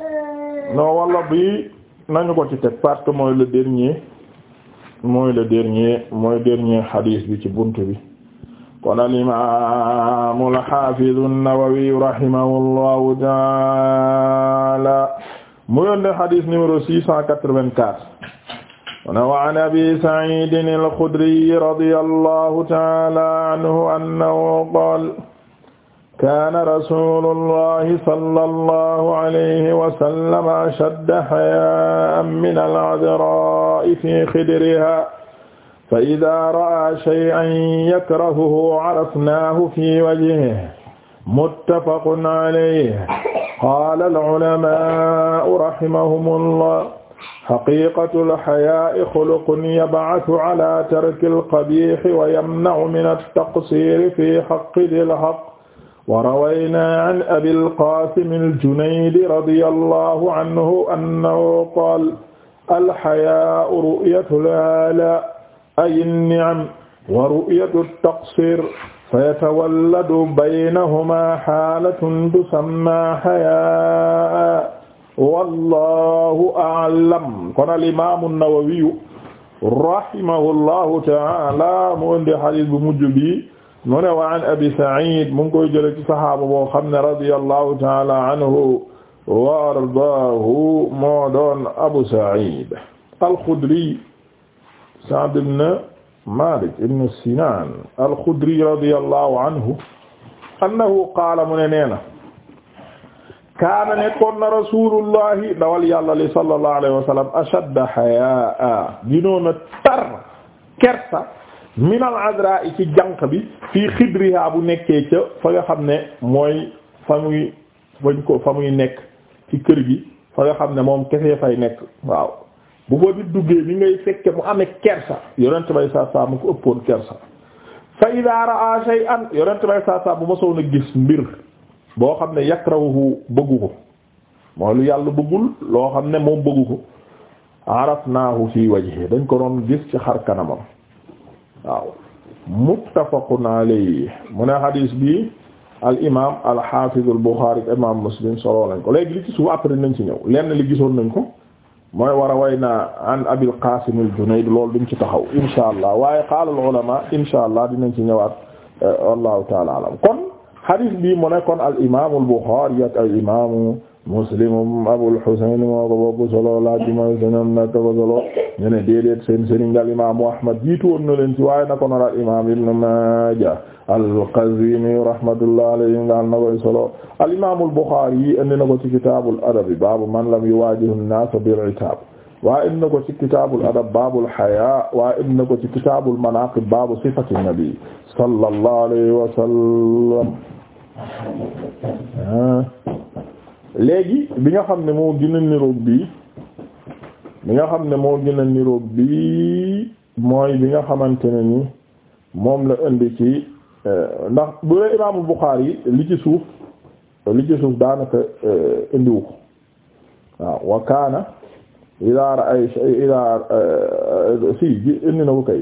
Euh, non wala bi nañu ko ci teg parce que mooy le dernier mooy le dernier mooy dernier hadith bi ci bunt bi kon al imam al hafiz an-Nawawi rahimahullahu ta'ala mu yonde hadith numéro 684 wa an abi sa'id al-Khudri radiyallahu ta'ala anhu annahu qala kaana rasuulullahi sallallahu alayhi wa sallam ashadda hayaa'an minal adraa'i fi xidrihaa fa izaa ra'aa shay'an yakrahuhu arafnaahu fi wajhihi muttafaqun alayhi qaala al-ulamaa'u rahimahumullah xaqiiqatul xayaa'i xuluqun yab'asu alaa tarkil qabiihi wa yamna'u minat taqsiiri fi haqqi dil haqq وروينا عن أبي القاسم الجنيد رضي الله عنه أنه قال الحياء رؤية العلاء أي النعم ورؤية التقصير فيتولد بينهما حالة تسمى حياء والله أعلم kon الإمام النووي رحمه الله تعالى mu indi hadiis bu mujj bi mu ne wa an abi Saïd mu ngi koy jële ci sahaaba boo xam ne radiyallahu taala anhu wa ardaahu moo doon abu Saïd al-Khudri Sa'd ibn Malik ibn Sinan al-Khudri radiyallahu anhu annahu qaala mu ne neena kaana nekkoon na rasulullahi dawal yàlla li sallallahu alayhi wa sallam ashadda hayaa ginoona tar kersa minal azra i ci jànq bi fii xidriha bu nekkee ca fa nga xam ne mooy fa muy fañ ko fa muy nekk ci kër gi fa nga xam ne moom kese fay nekk waaw bu fa nit duggee ni ngay fekke mu amee kersa yonent bay saa saa mu ko ëppoon kersa fa idaa raa shay'an yonent bay saa bu ma sow na gis mbir boo xam ne yakrahu bëggu ko mooy lu yàlla bëggul loo xam ne moom bëggu ko arafnaahu fi wajhi dañ ko doon gis ci xar kanamam waaw muttafaqun alayhi mu ne hadis bi al imaam al hafiz al buxaari imaam muslim soloo nañ ko léegi li ci suuf après nañ ci ñëw lenn li gisoon nañ ko mooy war a way na an abil qasim al junayd loolu duñ ci taxaw insha allah waaye qaala al ulama insha allah dinañ ci ñëwaat eh, wallahu taala alam kon hadis bi mu ne kon al imaam al buxaari ak al imaamu muslimum abul husayn moo ko bokk solo laajuma ñoom nag ko solo ñu ne déedéet seen sëriñ al imaamu ahmad jiitu woon na leen ci waaye na ko noon al imaam ibn maaja al qazwini rahmatullah alayhi daal na koy solo al imaamul buxaari indi na ko ci kitaabul adab baabu man lam yuwaajihu an-naas bil itaab waa indi na ko ci kitaabul adab baabul hayaa waa indi na ko ci kitaabul manaaqib baabu sifati nabi sallallahu alayhi wa sallam léegi bi nga xam ne moo gën a niroog bii bi nga xam ne moo gën a niroog bii mooy bi nga xamante ne ni moom la indi ci euh, ndax bu dee imaamu Buxaari li ci suuf li ci suuf daanaka euh, indiwu waaw wa kaana idaa ra'ay idaa euh, si indi na ko kay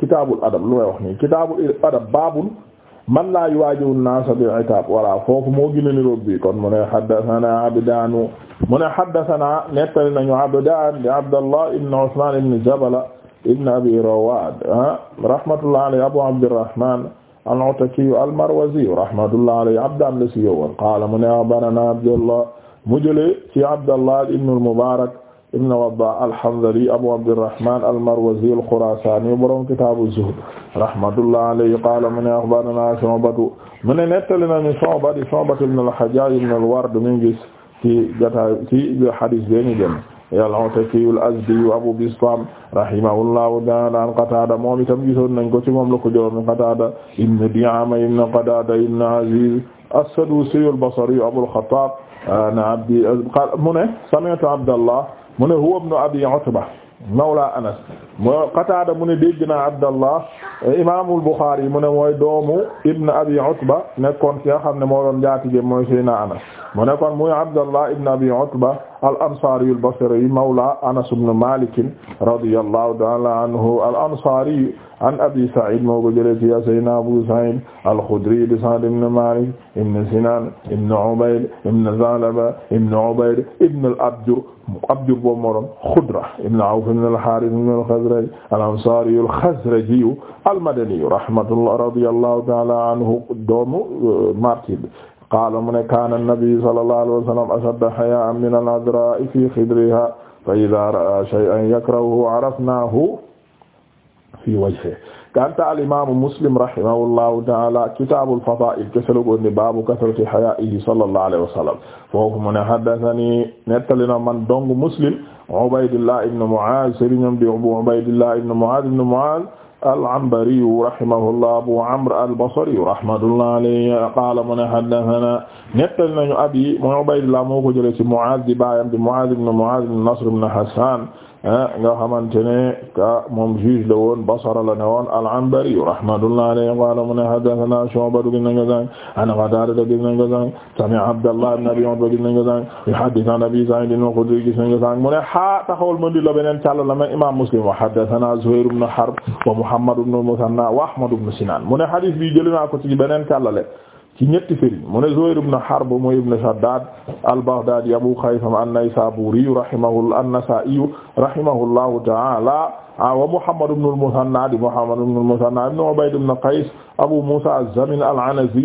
kitaabul adab lu may wax nii kitaabul adab baabul man laa yuwaajibu naasa bi iqaab wala foofu moo gën a niroog bi kon mu ne haddathana Abdaanu mu ne haddathana nettali nañu Abdaan di Abdallah ibn Usmaan ibn Jabala ibn Abi Rawaad ah, rahmatullahi alayhi Abu Abdirrahmaan al-Atakiyu al-Marwaziyu rahmatullahi alayhi Abdaan la si yowoon qaala mu ne axbarana Abdallah mu jëlee ci Abdallah ibn al-Mubaarak ibn Waddah al-Hanzali Abu Abdirrahman al-Marwazi al-Khurasani borom kitaabu zuhd rahmatullah alayhi qaala mu ne akhbarana Shu'batu mu ne nettali nañu Shu'ba di Shu'batu ibn al-Hajjaj ibn al-Ward mi ngi gis ci jotaay ci hadiis bi ñu jëm al-Ataki al-Azdi Abu Bistam rahimahullahu ta'ala an Qatada moom itam gisoon nañ ko ci moom la ko jëloon Qatada ibn Di'ama ibn Qatada ibn Aziz as-Sadusi al-Basri Abu al-Khattab an Abdi mu ne sami'tu Abdallah mu ne huwa ibn abi utba mawla anas moo qataada mu ne dégg naa abdallah imaamul buxaari mu ne mooy doomu ibn abi utba nekkoon ki nga xam ne moo doon njaatige mooy seyna anas mu ne kon muy Abdallah ibn Abi Utba al-Ansari al-Basri mawla Anas ibn Malik radiyallahu ta'ala anhu al-Ansari an Abi Sa'id moo ko jëlee ci Sayyidina Abu Sa'id al-Khudri di Sa'd ibn Malik ibn Sinan ibn Ubayd ibn Zalaba ibn Ubayd ibn al-Abjar Abjar boobu moo doon Khudra ibn Awf ibn al-Harith ibn al-Khazraj al-Ansari al-Khazraji al-Madani rahmatullah radiyallahu ta'ala anhu doomu euh, martyr qaala mu ne kaana an-nabi sallallahu alayhi wa sallam ashadda hayaa'an min al-adra'i fi khidriha fa idha ra'a shay'an yakrahuhu arafnahu fi wajhihi kanta al-imaamu Muslim rahimahullahu ta'ala kitaabul fadaa'il keselu gondi baabu kasrati hayaa'ihi sallallahu alayhi wa sallam foofu mu ne haddathanii nettali na man dong Muslim Ubaydullah ibn Mu'aaz sëriñam di Abu Ubaydullah ibn Mu'aaz ibn Mu'aaz al-Anbariyu rahimahullah Abu Amr al-Basriyu rahmatullahi alayhi qaala mu ne haddathana nettali nañu abi mu Ubaydullah moo ko jëlee ci Mu'aaz di baayam di Mu'aaz ibn Mu'aaz ibn Nasr ibn Hassaan Eh, nga xamante ne ka moom juge la woon Basra la ne woon al-Anbari rahmatullahi alayhi qala mu ne haddathana Shu'ba gis nañ ko sànq an Qatada gis nañ ko sànq sami'a Abdallah ibn Abi Utba gis nañ ko sànq yuhaddithu an Abi Sa'id al-Khudri gis nañ ko sànq mu ne ha taxawal ma di la beneen càll la ma imam Muslim wa haddathana Zuhayr ibn Harb wa Muhammad ibn Muthanna wa Ahmad ibn Sinan mu ne hadith bi jël naa ko ci beneen càllale ci ñetti sëriñ mu ne Zuhayr ibn Harb mu ibn Shaddad al-Baghdadi Abu Khaytham an-Naysaburi rahimahu an-Nasa'i rahimahullahu ta'ala ah wa Muhammad ibn al-Muthanna di Muhammad ibn al-Muthanna ibn Ubayd ibn Qays Abu Musa az-Zamin al-Anazi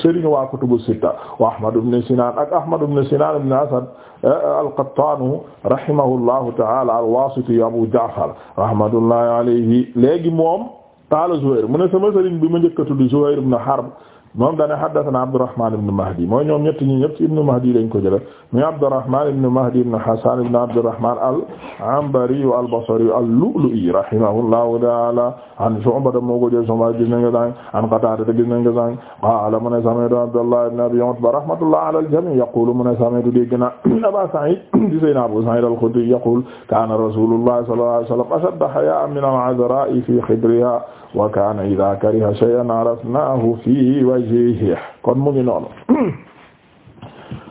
sëriñ waa kutubu sitta wa Ahmad ibn Sinan ak Ahmad ibn Sinan ibn Asad eh, al-Qattanu rahimahullahu ta'ala al-Wasiti Abu Ja'far rahmatullahi alayhi léegi moom taala Zuhayr mu ne sama sëriñ bi ma njëkk a tudd Zuhayr ibn Harb moom dane haddathana Abdurrahman ibn Mahdi mooy ñoom ñetti ñi ñëpp ci ibn Mahdi lañ ko jëlee muy Abdurrahman ibn Mahdi ibn Hasan ibn Abdurrahman al-Anbari al-Basri al-Lu'lu'i rahimahullahu ta'ala an Shu'ba moo ko jëlee Shu'ba gis nañ ko sànq an Qatada gis nañ ko sànq qala mu ne sami'tu Abdullah ibn Abi Utba rahmatullahi ala al-jami' yaqulu mu ne sami'tu dégg na Aba Sa'id di Sayyidina Abu Sa'id al-Khudri yaqul kana Rasulullah sallallahu alayhi wa sallam ashadda haya'an min al-'azra'i fi khidriha wa kaana idaa kariha shay'an arafnaahu fi wajhihi kon mu ngi noonu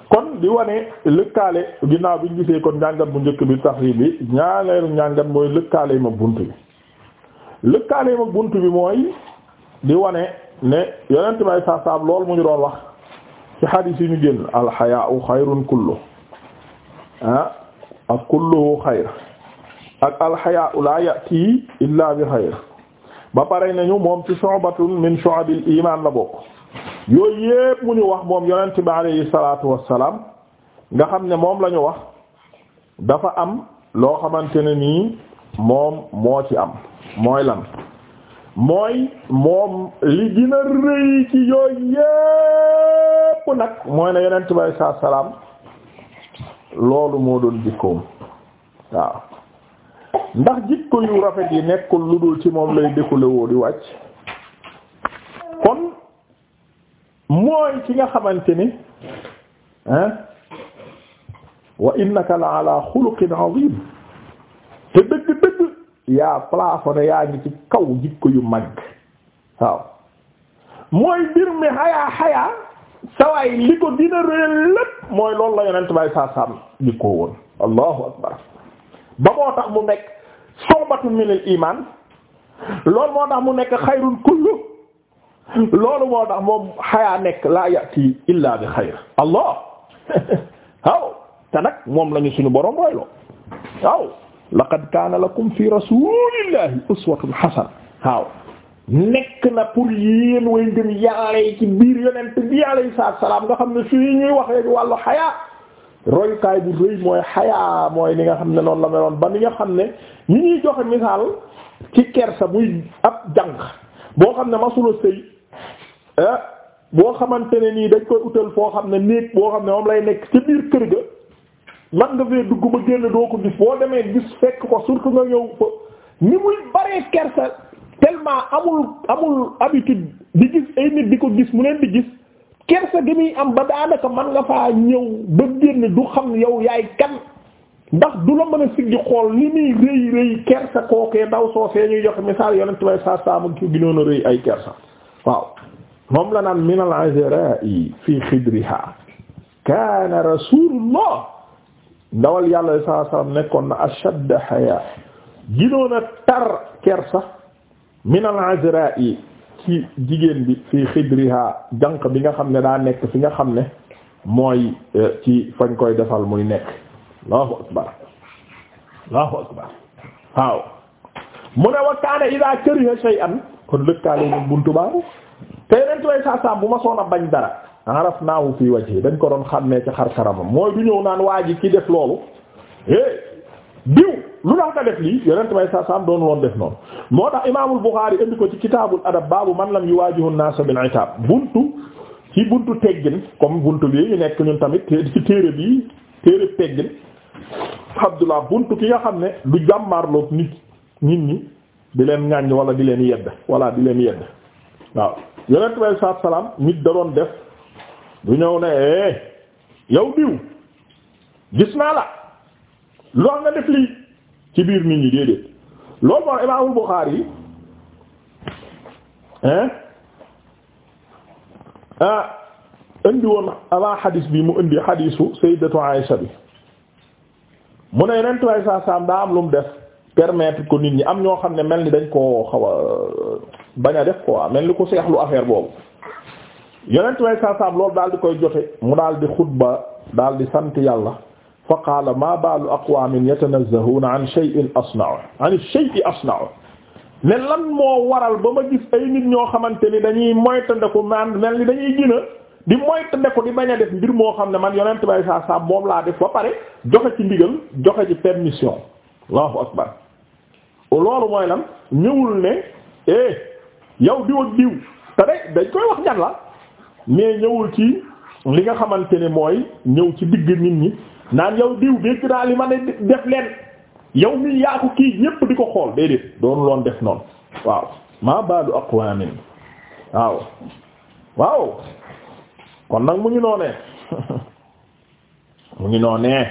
kon di wane lëkkaale ginnaaw bi ñu gisee kon njàngat bu njëkk bi taxriib bi ñaareelu njàngat mooy lëkkaale ma bunt bi lëkkaale ma bunt bi mooy di wane ne yonent may saasaab lool mu ñu doon wax ci xadiis yi ñu génn alxayaau xayrun kullu ah ak kulluhu xayr ak alxayaau laa yati illa bi xayr ba pare nañu moom ci shu'batun min shu'abil iman la bokk yooyu yépp mu ñu wax moom yonent bi alayhi salaatu wassalaam nga xam ne moom la wax dafa am loo xamante ne nii moom moo ci am mooy lan mooy moom li gën a rëy ci yooyu yépp nag mooy ne yonent bi alayhi salaatu loolu moo doon jikkoom waaw ndax jikko yu rafet yi nekkul lu dul ci moom lay découlé woo di wàcc kon mooy ci nga xamante ni hein wa innaka la ala xuluqin azim te dëgg-dëgg yaa plafonné yaa ngi ci kaw jikko yu mag waaw mooy mbir mi xayaa xayaa sawaay li ko dina réel lépp mooy loolu la yonent bay saa saam jikkoo woon allahu akbar ba moo tax mu nekk shu'batun min loolu moo tax mu nekk xayrun kullu loolu moo tax moom xayaa nekk yati illa bi xayr allah waaw te moom lañu suñu borom royloo waaw laqad kaana lakum fi rasulillahi uswatun hasana waaw nekk na pour yéen way ngëm yi ci biir yonent bi alayhi salaam nga xam ne fii ñuy waxee wàllu xayaa royukaay bu rëy mooy xayaa mooy li nga xam ne noonu la meloon ba ni nga xam ne ñi ñuy joxe misaal ci kersa muy ab jànq boo xam ne masula sëy ah, boo xamante ne nii dañ koy utal foo xam ne néeg boo xam ne moom lay nekk ci biir kër ga man nga fee dugg ma génn doo ko gis boo demee gis fekk ko surtout nga ñëw fa ni muy baree kersa tellement amul amul habitude di gis ay nit di ko gis mu leen di gis kersa gi muy am ba daanaka man nga faa ñëw ba génn du xam yow yaay kan ndax du la mën a siggi xool li muy rëy rëy kersa kookee ndaw soo see ñuy joxe misaal yonent bay saa saa mag ci ginoon a ay kersa waaw moom la naan min al fi xidriha kaana rasulullah ndawal yàlla saa saa nekkoon na ashadd haya ginoon a tar kersa min al ci jigéen bi fii xidriha janq bi nga xam ne daa nekk fi nga xam ne mooy euh, ci fañ koy defal muy nekk allahu akbar allahu akbar waaw mu ne wa kaana ida kariha shay'an kon lëkkaale ñu buntu baabu te yeneen way saa bu ma soon a bañ dara araf naahu fii wajhi dañ ko doon xàmmee ci xar karamam mooy du ñëw naan waa ji ki def loolu é eh, diw lu tax nga def lii yonent bay saa saam doon woon def noonu moo tax imaamul Buxaari indi ko ci kitaabul adab baabu man lam yuwaajihu an-naasa bil itaab buntu ci buntu teggin comme buntu bi ñu nekk ñun tamit ci téere bi téere teggin Abdullah buntu ki nga xam ne du jàmmaarloog nit nit ñi di leen ŋàññ wala di leen yedd wala di leen yedd waaw yonent bay saa salaam nit da doon def du ñëw ne eh yow diw gis naa la. loolu nga def lii ci biir nit ñi déedéet loolu moo imaamul Buxaari yi hein ah indi woon avant xadiis bi mu indi xadiisu sayyidatu Aisha bi mu ne yeneen tubaay saa saam daa am lu mu def permettre ko nit ñi am ñoo xam ne mel ni dañ koo xaw a bañ a def quoi mel ni ko seexlu affaire boobu yeneen tubaay saa saam loolu daal di koy joxe mu daal di xutba daal di sant yàlla fa qaala maa baalu aqwaamin yatanazzahuuna an shay'in asna'u an shay'i ne lan moo waral ba ma gis ay nit ñoo xamante ni dañuy moytandiku man mel ni dañuy gën a di moytandiku di bañ a def mbir moo xam ne man yonent bay saa moom laa def ba pare joxe ci ndigal joxe ci permission allahu akbar loolu mooy lan ñëwul ne eh yow diw ak diw te de dañ koy wax ñan ah. la mais ñëwul ci li nga xamante ne mooy ñëw ci digg nit ñi. naan yow diw dégg naa li ma ne def leen yow mi yaa ko kii ñépp di ko xool déedéet doonu loon def noonu waaw maa baalu aqwamin waaw waaw kon nag mu ngi noonee mu ngi noonee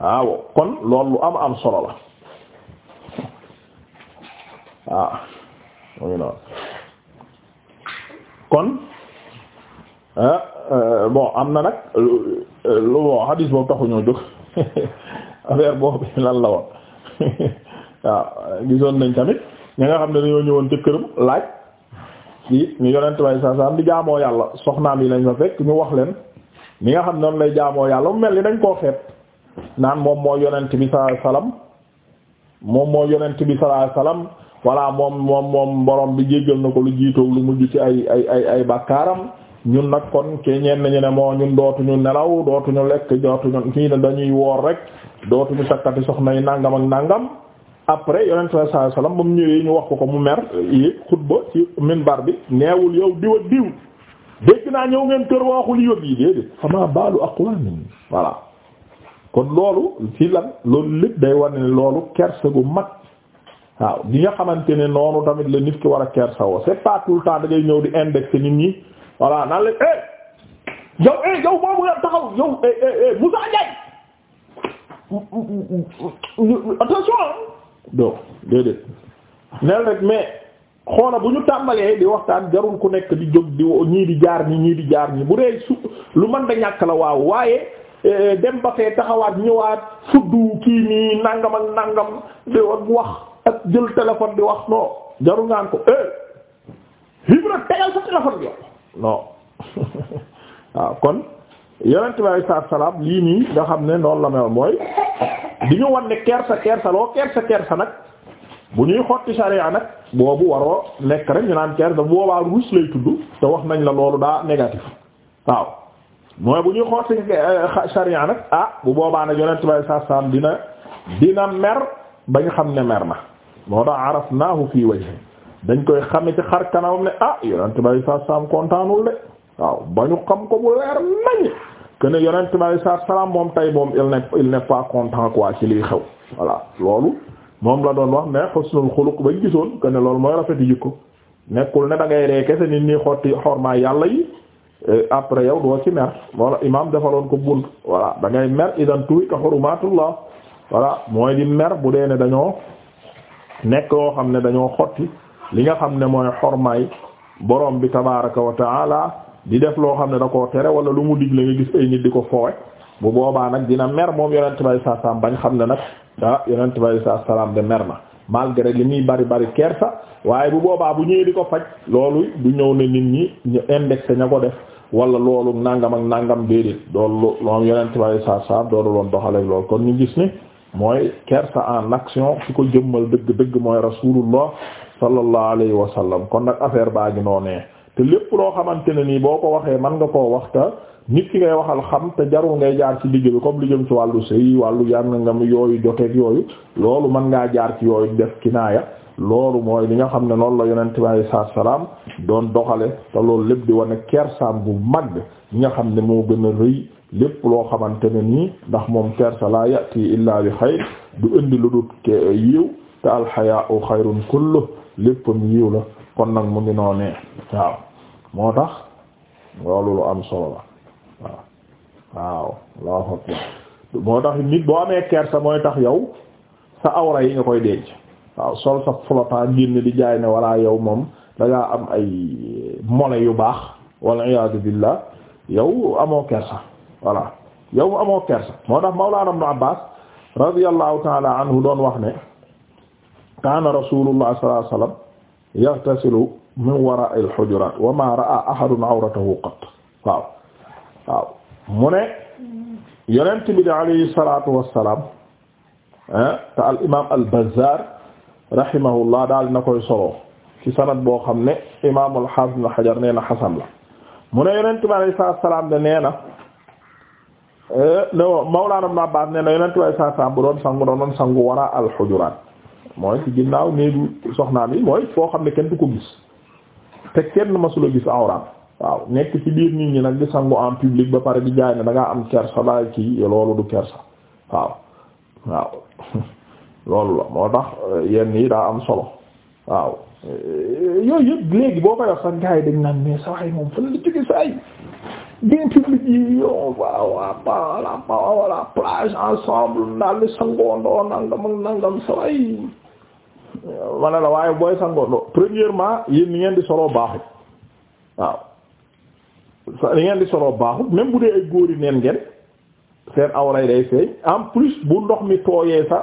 waaw kon loolu lu am am solo la waaw mu ngi noonu kon Ah, euh, bo am na nag euh, euh, lu bon hadis boobu taxu ñoo jóg affaire boobu lan la woon waaw ah, gisoon nañ tamit ñi nga xam ne dañoo ñëwoon ci këram laaj ci ñu yonent may saa saa di jaamoo yàlla soxnaam yi lañ fa fekk ñu wax leen ñi nga xam ne noonu lay jaamoo yàlla mu mel ni dañ koo xeet naan moom moo yonent bi sa salam moom moo yonent bi sa salam voilà moom moom moom borom bi jéggal na ko lu jiitoog lu mujj ci ay ay ay ay bàkkaaram ñun nag kon ke ñenn ñi ne moo ñun dootuñu nelaw dootuñu lekk dootuñu kii ne dañuy woor rek dootuñu takkati soxna yi nangam ak nangam après yonent sallallahu alayhi wasallam ba ñëwee ñu wax ko ko mu mer yi xutba ci minbar bi neewul yow diw ak diw dégg naa ñëw ngeen kër waxul yóbbu yi déedéet fama baalu aqwamin voilà kon loolu fii lan loolu lépp day wane ni loolu kersa gu mag waaw gi nga xamante ne noonu tamit la nit ki war a kersawoo c'est pas tout le temps da ngay ñëw di indexer nit ñi voilà naan leen eh yow eh yow taxaw yow eh eh, eh Moussa attention do déedéet neel rek mais xoola bu ñu tàmbalee di waxtaan jarul ku nekk di jóg di ñii di jaar ñi ñii di jaar nii bu dee su lu man da ñàkk la waaw waaye eh, dem ba fee taxawaat ñëwaat fuddu kii nii nangam ak nangam di wax ak jël téléphone di wax noo jarul ngaan ko eh tegal sa téléphone bi non waaw ah, kon yonent bi alayhi lii nii nga xam ne noonu la mel mooy di ñu wan ne kersa kersa loo kersa kersa nag bu ñuy xotti sariya nag boobu waroo nekk rek ñu naan kersa boobaa ruus lay tudd te wax nañ la loolu daa négatif waaw mooy bu ñuy xotti eh, sariya nag ah bu boobaa nag yonent bi alayhi dina dina mer bañ xam ne mer na moo tax arafnaahu fii wajhi dañ koy xame ci xar kanamam ne ah yonent bi saa salaam kontaanul de waaw ba ñu xam ko bu leer nañ que ne yonent bi saa salaam moom tey moom il n'est il n'est pas content quoi ci liy xew voilà loolu moom la doon wax mais husnul xuluq bañ gisoon que ne loolu mooy rafeti jikko nekkul ne da ngay ree nit ñi xotti xormaa yàlla yi eh, après yow doo ci mer wala imam defaloon ko bunt voilà da ngay mer idan tuuti ka xurumatullah voilà mooy di mer bu dee ne dañoo nekk yoo xam ne dañoo xotti. li nga xam ne mooy xormaay borom bi tabaraka wa taala di def loo xam ne da ko tere wala lu mu digle nga gis ay nit di ko foowe bu boobaa nag dina mer moom yonent bay saa saam bañ xam ne nag ah yonent bay saa salaam de mer na malgré li muy bari bari kersa waaye bu boobaa bu ñëwee di ko faj loolu du ñëw ne nit ñi ñu indexé ña ko def wala loolu nangam ak nangam déedéet loolu moom yonent bay saa saam doonu loon doxale lool kon ñu gis ni mooy kersa en action fi ko jëmmal dëgg dëgg mooy rasulullah sallallahu alayhi wa sallam kon nag affaire baa ngi noonee te lépp loo xamante ne nii boo ko waxee man nga koo waxta nit ki ngay waxal xam te jarul ngay jaar ci digg bi comme li jëm ci wàllu sëy wàllu yan ngam yooyu joteeg yooyu loolu mën ngaa jaar ci yooyu def kinaaya loolu mooy li nga xam ne noonu la yonent bi alayhi salaatu salaam doon doxale te loolu lépp di wane kersaam bu mag ñi nga xam ne moo gën a rëy lépp loo xamante ne nii ndax moom kersa laa yati illaa bi du indi lu dul yiw te alxayaa'u xayrun kullu léppam yiw la kon nag mu ngi noonee waaw moo tax loolu lu am solo la waaw waaw Allahu akbar moo tax nit boo amee kersa mooy tax yow sa awra yi nga koy denc waaw sol sa flota génn di jaay ne walla yow moom dangaa am ay mole yu baax walla iyaadu billaah yow amoo kersa voilà yow mu amoo kersa moo tax Mawlaana Ibn Abbaas radiyallahu ta'ala anhu doon wax ne kaana rasulullah sallallahu alayhi wa sallam yaghtasilu min wara'i al wa ma ra'a ahadun awratahu qat mu ne yonent bi alayhi salatu wassalam ah, te al imam al bazzar rahimahullah daal na koy solo ci sanad boo xam ne imam al hafiz ibn hajar nee la mu ne yonent bi alayhi salatu wassalam de nee na eh, no mawlana ibn abbas bu doon sangu doon sangu wara al mooy ci ginnaaw néegu soxnaam yi mooy foo xam ne kenn du ko gis te kenn masula gis awraam waaw nekk ci biir nit ñi nag di sangu en public ba pare di jaay ne da ngaa am eh, am solo waaw eh, yooyu yëpp léegi boo koy sa waay moom fan nangam nangam sa wala la waaye booy sangondo premièrement yéen ni ngeen di soloo baaxut waaw ni ngeen di soloo baaxut même bu dee ay góori neen ngeen seen awray day feeñ en plus bu ndox mi tooyee sa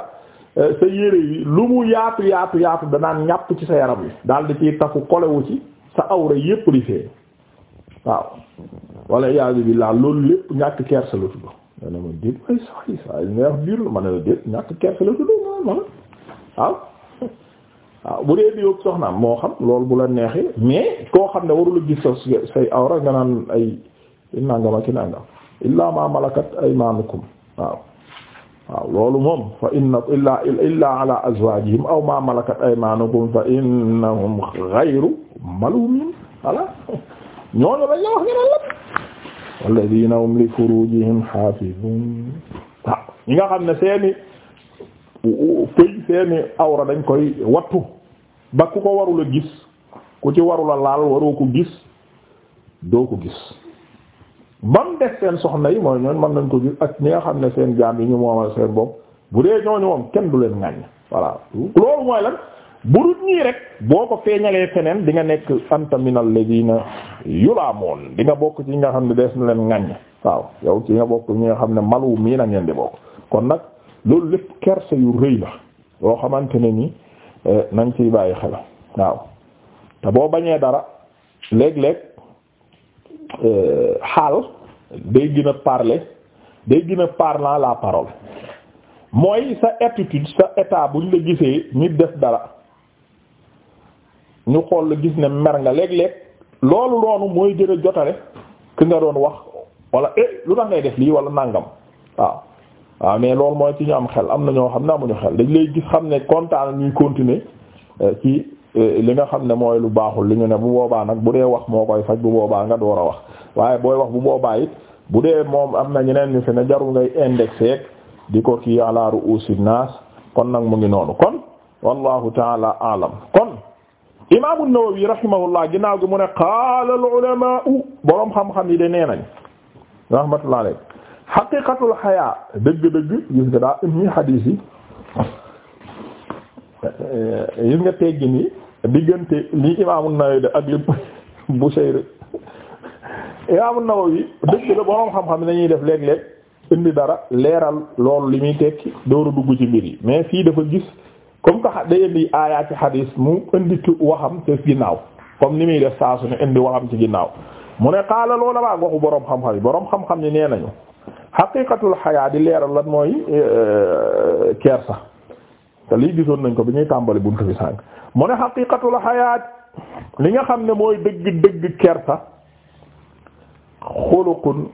euh, sa yére yi lu mu yaatu yaatu yaatu da danaan ñàpp ci sa yaram yi daal di ci tafu kolewu ci sa awra yépp di feeñ waaw wala iyaazu billaah loolu lépp ñàkk kersa la tudd ma ne ma déet waaye saa yi saa yi neex ma ne la déet ñàkk kersa la waaw waaw ah, bu dee diwóog soxnaam moo xam loolu bu la neexee mais koo xam ne warula gis sa say awra nga naan ay nangama ki nangam illaa ma malakat aymanukum loolu moom fa inna ala azwajihim aw ma malakat aymanukum fa innahum ghayru malumin voilà ñooñu lañ la wax nga naan la walladina hum li furujihim hafizun waaw ñi nga xam ne seeni pëy seeni awra dañ koy wattu ba ku ko warula gis ku ci warula laal waroo ko gis doo ko gis ba mu def seen soxna yi mooy ñooñ mën nañ ko gis ak ñi nga xam ne seen jaam yi ñu moomal seen bopp bu dee ñooñu moom kenn du leen ŋàññ voilà loolu mooy lan burut ñii rek boo ko feeñalee feneen di nga nekk anta minal ladina yulaamoon di nga bokk ci nga xam ne des na leen ŋàññ waaw yow ci nga bokk ñi nga xam ne malu mii na ngeen di bokk kon nag loolu lépp kersa yu rëy la yoo xamante ne ni eh, nañ ciy bàyyi xel waaw te boo bañee dara léeg-léeg eh, xaal day gina a day gina a parlant la parole mooy sa attitude sa état buñ la gisee nit def dara ñu xool la gis ne mer nga léeg-léeg loolu loonu mooy gën jotale ki nga doon wax wala eh lu tax ngay def lii wala nàngam waaw waa mais loolu mooy ci ñu am xel am na ñoo xam ne amuñu xel dañ lay gis xam ne kontaan ñuy continuer euh, ci euh, li nga xam ne mooy lu baaxul li ñu ne bu boobaa nag bu dee wax moo koy faj bu boobaa nga door a wax waaye booy wax bu boobaa it bu dee moom am na ñeneen ñu fi ne jarul ngay indexé di ko kii ala ru'usi naas kon nag mu ngi noonu kon wallahu taala alam kon imaamu Nawawi rahimahullah ginnaaw gi mu ne qaala al ulamaa borom xam-xam yi de nee nañ rahmatullahi alayhi xaqiqatul xayaa dëgg-dëgg gis nga daa indi xadiis yi gis nga teggi nii diggante li imaamu Nawawi ak li Bushayri imaamu Nawawi dëgg la boroom xam-xam nañuy def léeg-léeg indi dara leeral loolu li muy tekki dooru dugg ci mbir yi mais fii dafa gis comme que day indi aayaa ci xadiis mu indi waxam ci ginnaaw comme ni muy def saa su ne indi waxam ci ginnaaw mu ne xaala loola baa waxu boroom xam-xam yi boroom xam-xam yi nee nañu xaqiqatul xayaa di leeral lan mooy euh, kersa te lii gisoon nañ ko bi ñuy tàmbali buntu bi sànq mu ne xaqiqatul xayaat li nga xam ne mooy dëgg dëgg kersa xuluqun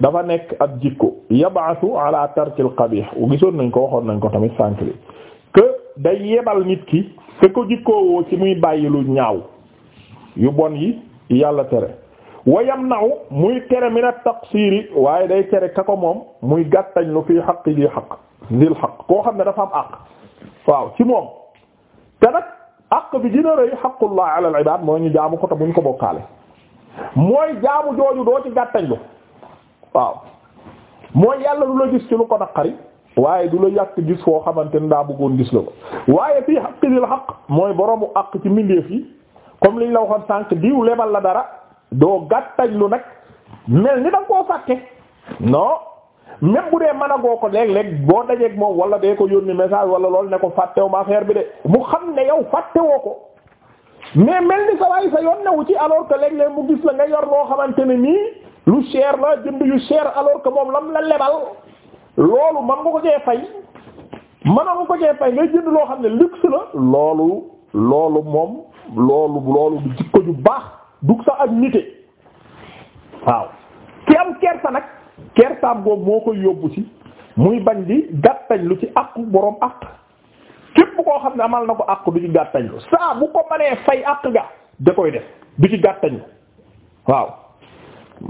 dafa nekk ak jikko yabaasu ala tarkil qabih gisoon nañ ko waxoon nañ ko tamit sànq li que day yebal nit ki te ko jikkoowoo ci muy bàyyi lu ñaaw yu bon yi yàlla tere wa yamna'u muy tere min at-taqsiri waaye day tere ka ko moom muy gàttañ lu fii xaq di xaq ndil koo xam ne dafa am àq waaw ci moom te nag àq bi gën a rëy xaqullah ala al-ibaad mooy ñu jaamu ko te ko bokkaale mooy jaamu jooju doo ci gàttañ lu waaw mooy yàlla du la gis ci lu ko naqari waaye du la yàq gis foo xamante ne daa bëggoon gis la ko waaye fii xaq dil xaq mooy boroomu àq ci mbindeef yi comme liñ la waxoon sànq diw lebal la dara doo lu nag mel ni da nga koo fàtte non même bu dee mën ko léeg-léeg boo dajeeg moom wala dee ko yónni message wala loolu ne ko fàttewu ma affaire bi de mu xam ne yow fàttewoo ko mais mel ni sa waay sa yoon newu ci alors que léeg-léeg mu gis la nga yor loo xamante ne nii lu cher la jënd yu cher alors que moom lam la lebal loolu man nga ko cee fay man nga ko cee fay ngay jënd loo xam ne luxe la loolu loolu moom loolu loolu du jikko ju baax dug sax ak nite waaw ki am kersa nag kersaam boobu moo koy yóbbu ci muy bañ di gàttañ lu ci àqu boroom àq képp koo xam ne amal na ko àqu du ci gàttañ lu saa bu ko mënee fay àq ga da koy def du ci gàttañ lu waaw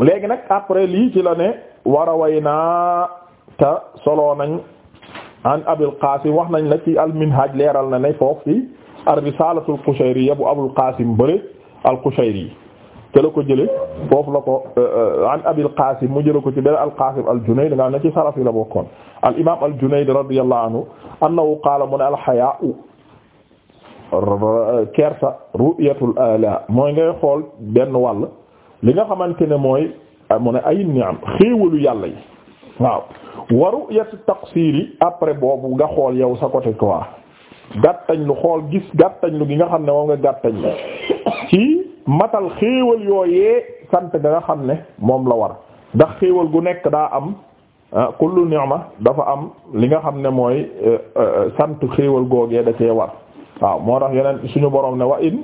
léegi nag après lii ci la ne way naa te solo nañ an Abul Qaasim wax nañ la ci al-Minhaj leeral na ne foofu ci ar-Risaalatul Qushayriya bu Abul Qaasim bëre al-Qushayri te la ko jële foofu la ko euh, euh, an abi qasim mu jële ko ci benn al qasim al junayd nga ne ci salaf yi la bokkoon al imam al junayd radiyallahu anhu annahu qaala mu ne al hayaa'u kersa ru'yatul ala mooy ngay xool benn wàll li nga xamante ne mooy euh, mu ne ay ni'am xéewalu yàlla yi waaw wa ru'yatu taqsir après boobu nga xool yow sa côté quoi gàttañ lu xool gis gàttañ lu gi nga xam ne moom nga gàttañ lu ci matal xéewal yooyee sant da nga xam ne moom la war ndax xéewal gu nekk daa am ah, kullu ma dafa am li nga xam ne mooy eh, eh, sant xéewal googee da cee war waaw moo tax yeneen suñu borom ne wa in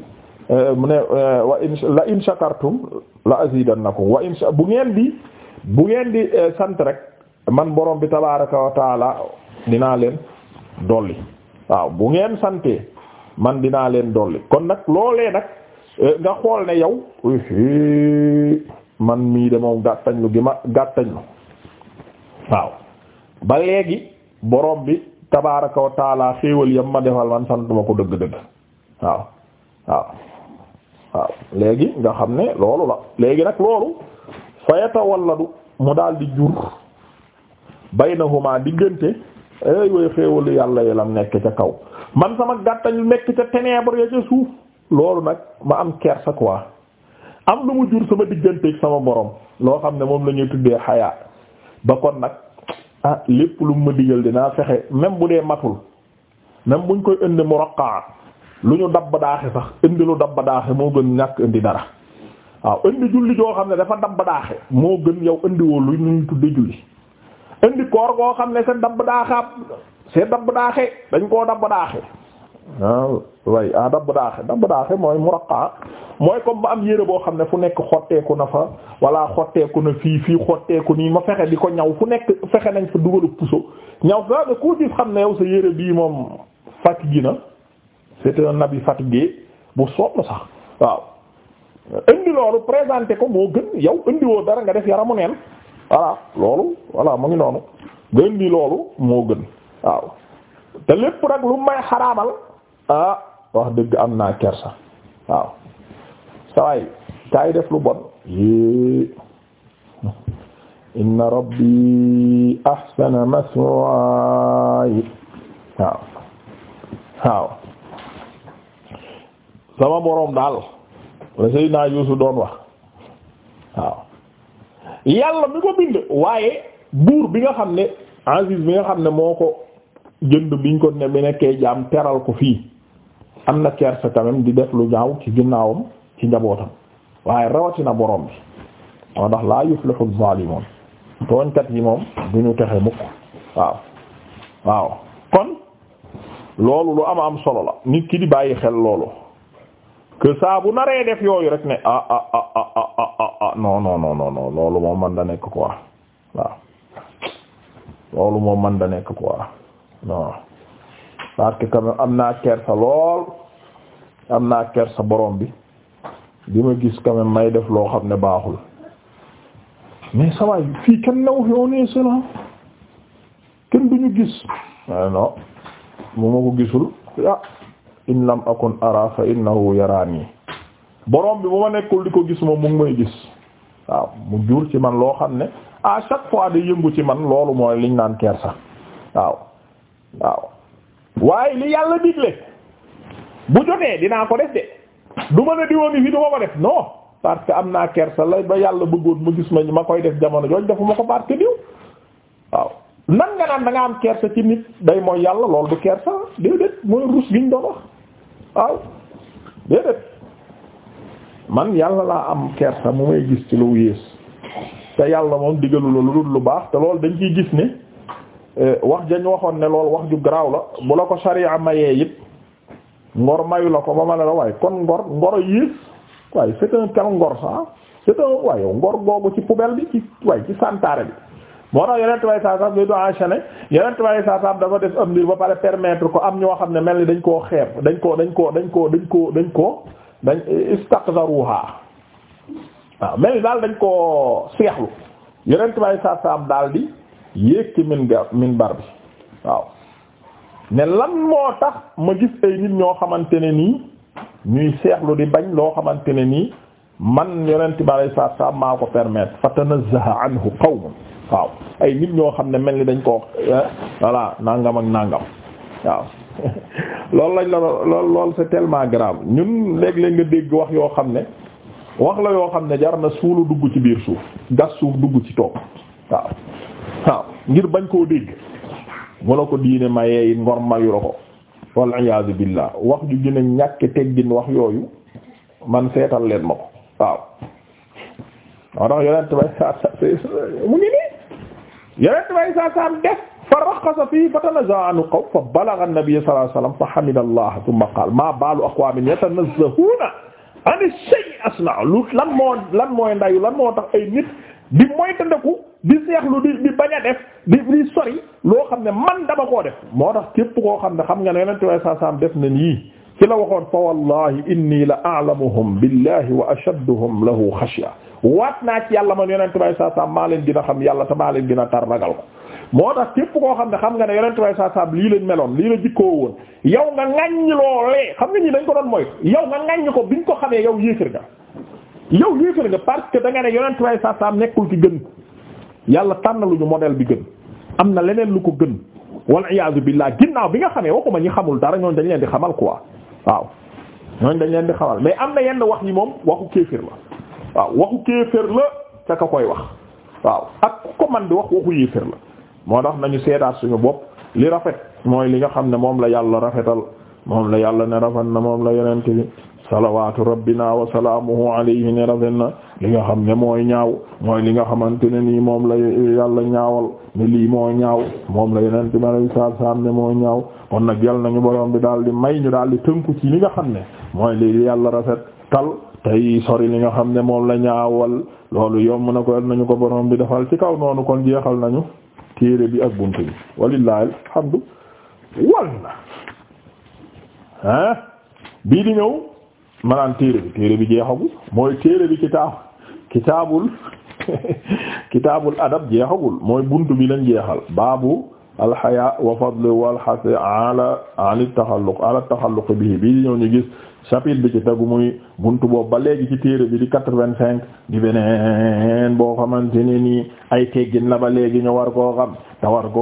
eh, mu ne wa in la in shakartum la azidannakum wa in bu ngeen di bu ngeen di sant rek man boroom bi tabaaraka wa taala dinaa leen dolli waaw bu ngeen sante man dinaa leen dolli kon nag loolee nag Eh, nga xool ne yow eh, man mii de moom gàttañ lu gi ma gàttañ lu waaw ba léegi borom bi tabaaraka wa taala xéewal yam ma defal man sant ko dëgg-dëgg waaw waaw waaw léegi nga xam ne loolu la léegi nag loolu fa yatawalladu mu daldi di jur baynahuma diggante ay way xéewalu yàlla yelam nekk ca kaw man sama gàttañ lu nekk ca ténèbres ya ca suuf loolu nag ma am kersa quoi am lu mu jur sama digganteeg sama borom loo xam ne moom la ñuy tuddee xayaa ba kon nag ah lépp lu mu ma digal dinaa fexe même bu dee matul même buñ koy indi mu muraqqa lu ñu dabba daaxe sax indi lu dabba daaxe moo gën ñàkk indi dara waaw indi julli joo xam ne dafa dabba daaxe moo gën yow indiwoo lu ñu tuddee julli indi koor goo xam ne sa dabba daaxaab c'est dabba daaxe dañ koo dabba daaxe waaw ah, way ah dabb daaxe dabb daaxe mooy muraqa mooy comme ba am yére boo xam ne fu nekk xotteeku na fa wala xotteeku na fii fii xotteeku nii ma fexe di ko ñaw fu nekk fexe nañ fa dugalu puso ñaw fa da ku gis xam ne yow sa yére bii moom fatigué na c'est un habit fatigué bu sonn sax waaw indi loolu présenté ko moo gën yow indiwoo dara nga def yaramu neen voilà loolu voilà mu ngi noonu nga indi loolu moo gën waaw te lépp rek lu may xaraamal Ah wax dëgg am naa kersa waaw saway kaay def lu bon waaw sama boroom daal la Seydina Yuusuf doon wax waaw yàlla mi ko bind waaye buur bi nga xam ne aziz bi nga xam ne moo ko jënd biñ ko ne nekkee jaam teral ko fii am na kersa quand di def lu ñaaw ci ginnaawam ci njabootam waaye rawatina borom bi moo tax laa yuflihu zalimun tooñkat yi moom du ñu texe mukk waaw waaw kon loolu lu am am solo la nit ki di bàyyi xel loolu que saa bu naree def yooyu rek ne ah ah ah ah loolu moom man da nekk quoi waaw loolu moom man da nekk quoi non. parce que am naa kersa lool am naa kersa borom bi di ma gis quand may def loo xam ne baaxul mais sa fii kenn naw fi on est seul du ñu gis ah, non mu ma ko gisul ah in lam akun ara fa innahu yaraani borom bi bu ma nekkul di ko gis moom mu ngi may gis waaw ah, mu jur ci man loo xam ne à chaque fois day yëngu ci man loolu mooy liñ naan kersa waaw waaw waaye li yàlla digle bu jotee dinaa ko def de du ma ne diwoon yi du ma ko def non parce que am naa kersa la ba yàlla bëggoon mu gis ma ma koy def jamono jooju defuma ko parce que diw waaw nan nga naan da nga am kersa ci nit day mooy yàlla loolu du kersa déedéet mooy rus giñ doon wax waaw déedéet man yàlla laa am kersa mu may gis ci lu yées te yàlla moom digalu la lu dul lu baax te loolu dañ ciy gis ne Eh, wax jañ waxoon ne loolu wax ju garaaw la bu la ko sariya mayee it ngor mayu la ko ba ma ne la waaye kon ngor ngoro yiis waaye c'est un tel ngor sax c'est un waaye ngor googu ci poubelle bi ci waaye ci santaare bi moo tax yeneen tubaab yi saa saaf day dafa def am mbir ba pare permettre ko am ñoo xam ne mel ni dañ koo xeeb dañ koo dañ koo dañ koo dañ koo dañ koo dañ istaqzaruha waaw mel ni daal dañ koo seexlu yeneen tubaab yi saa daal di. yéeg min ga minbar bi waaw ne lan moo tax ma gis ay nit ñoo xamante ne nii ñuy seexlu di bañ loo xamante ne nii man yonent bi alayhi salaatu salaam maa ko permettre fa tanazzaha anhu qawmun waaw ay nit ñoo xam ne mel ni dañ koo eh, voilà nangam ak nangam waaw loolu lañ la lool lool c'est tellement grave ñun léeg-léeg nga dégg wax yoo xam ne wax la yoo xam ne jar na suulu dugg ci biir suuf gas suuf dugg ci toog waaw waaw ngir bañ koo dégg mu ko diine mayee ngor mayu la ko wal iyaazu billah wax ju gën a ñàkk teggin wax yooyu man seetal leen ma ko waaw moo tax yonent bay saa mu ngi nii yonent bay saa def fa raxasa fii fa tanaza'a anhu qawm fa balagha an-nabiy sallallahu fa hamida Allah thumma qala ma balu aqwamin yatanazzahuna an ash-shay'i lu lan moo lan mooy ndayu lan moo tax ay nit di moytandiku di seexlu di bi bañ a def di di sori loo xam ne man dama koo def moo tax képp koo xam ne xam nga ne yonente way saa saam def na nii ci la waxoon fa wallahi inni la a'lamuhum billahi wa ashadduhum lahu xashya waat naa yàlla man yonente way saa saam maa leen dina xam yàlla te maa leen dina tar ragal ko moo tax képp koo xam ne xam nga ne yonente way saa saam lii leen meloon lii la jikkoo woon yow nga ŋàññ loolee xam nga ñi dañ ko doon mooy yow nga ŋàññ ko biñ ko xamee yow yéefër nga yow yéefër nga parce que da nga ne yonente way saa saam nekkul ci gën yàlla tànnaluñu model bi gën am na leneen lu ko gën wal iyaazu billah ginnaaw bi nga xamee waxuma ñi xamul dara ñooñ dañ leen di xamal quoi waaw ñooñ dañ leen di xamal mais am na yenn wax yi moom waxu kéefër la waaw waxu kéefër la ca ka koy wax waaw ak ku ko man di wax waxu yéefër la moo tax nañu seetaat suñu bopp li rafet mooy li nga xam ne moom la yàlla rafetal moom la yàlla ne rafet na moom la yonent bi salawaatu rabbina wa salaamuhu alayhi ne rafet na li nga xam ne mooy ñaaw mooy li nga xamante ne nii moom la yàlla ñaawal ne lii moo ñaaw moom la yonent bi alayhi salaam ne moo ñaaw kon nag yàlla nañu borom bi daal di may ñu daal di tënku ci li nga xam ne mooy li yàlla rafet tal tey sori li nga xam ne moom la ñaawal loolu yomb na ko nañu ko borom bi defal ci kaw noonu kon jeexal nañu téere bi ak bunt bi walillahi alhamdu walla ah bii di ñëw maanaam téere bi téere bi jeexagul mooy téere bi kitaab kitaabul kitaabul adab jeexagul mooy buntu bi lañ jeexal baabu alxayaa wa fadlu wal xase ala ala taxalluq ala taxalluq bii bii di ñëw ñu gis. chapitre bi ci tegu muy buntu boobu ba léegi ci téere bi di quatre-vingt-cinq di beneen boo xamante ne nii ay teggin la ba léegi ñu war koo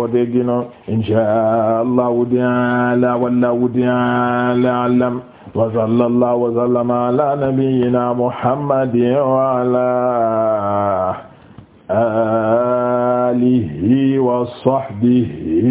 teggino inshaa allahu taala wallahu taala alam wa sallallahu wa sallama ala nabiyyina muhammadin wa ala alihi wa sahbihi